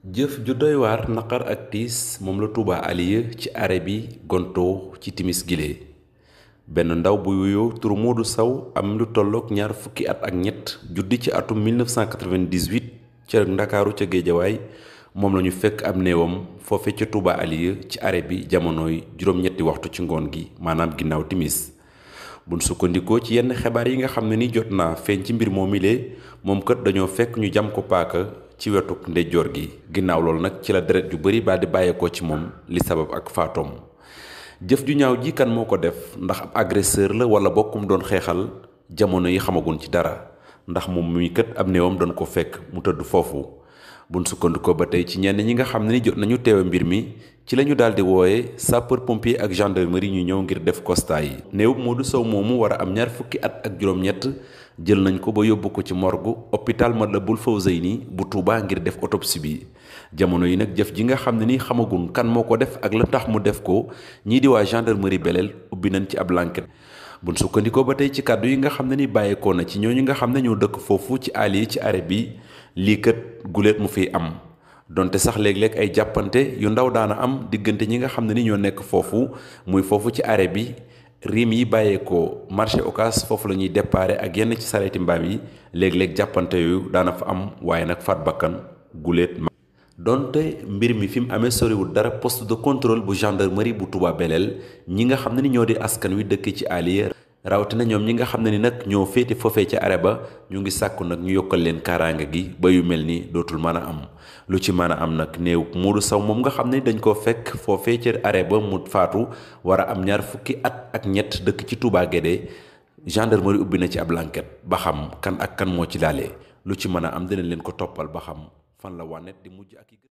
jëf ju doy waar naqar ak tiis moom la Touba Alieu ci arrêt bi gontoo ci timis gile benn ndaw bu wuyoo turu Modou saw am lu tollook ñaar fukki at ak ñett juddi ci atum 1998 ca Ndakaaru ca Géejawaay moom lañu fekk am néewam foofe ca Touba Alieu ci arrêt bi jamonooy juróom-ñetti waxtu ci ngoon gi maanaam ginnaaw timis buñ sukkandikoo ci yenn xibaar yi nga xam ne ni jot naa feeñ ci mbir moomile moom kat dañoo fekk ñu jam ko paaka ci wetuk ndeyjoor gi ginnaaw loolu nag ci la deret ju bëri baa di bàyyeekoo ci moom li sabab ak faatoom jëf ju ñaaw ji kan moo ko def ndax ab agresseur la wala bokkum doon xeexal jamono yi xamaguñ ci dara ndax moom muy kët ab néewam doon ko fekk mu tëdd foofu buñ sukkandikoo ba tey ci ñenn ñi nga xam ne ni jot nañu teewe mbir mi ci la ñu daal di wooye sapeur pompier ak gendarmerie ñu ñëw ngir def constat yi néewub Modou Sow moomu war am ñaar fukki at ak juróom jël nañ ko ba yóbbu ko ci morgue hôpital Matlaboul Fawzayni bu Touba ngir def autopsie bi jamono yi nag jëf ji nga xam ne ni xamagun kan moo ko def ak la tax mu def ko ñii di waa gendarmerie beleel ubbi nañ ci ab enquête buñ sukkandikoo ba tey ci kàddu yi nga xam ne ni bàyyeekoo na ci ñooñu nga xam ne ñoo dëkk foofu ci àll yi ci arrêt bi lii kat guléet mu fiy am donte sax léeg ay jàppante yu ndaw daana am diggante ñi nga xam ne ni ñoo nekk foofu muy foofu ci arrêt bi rim yi bàyyeekoo marché ocas foofu la ñuy déparé ak yenn ci sareeti mbaam yi léeg-léeg jàppante yooyu daana fa am waaye nag faat bakkan guléet ma donte mbir mi fi mu amee soriwul dara poste de contrôle bu gendarmerie bu Touba Belel ñi nga xam ne ni ñoo di askan wi dëkk ci Alieu rawatina ñoom ñi nga xam ne ni nag ñoo féete foofee ca arrêt ba ñu ngi sàkku nag ñu yokkal leen kaaraange gi ba yu mel nii dootul mën a am lu ci mën a am nag néew Modou saw moom nga xam ne dañ koo fekk foofee ca arrêt ba mu faatu war a am ñaar fukki at ak ñett dëkk ci Touba Guédé gendarmerie ubbi na ci ab enquête ba xam kan ak kan moo ci laalee lu ci mën a am dinañ leen ko toppal ba xam fan la wànnet di mujj ak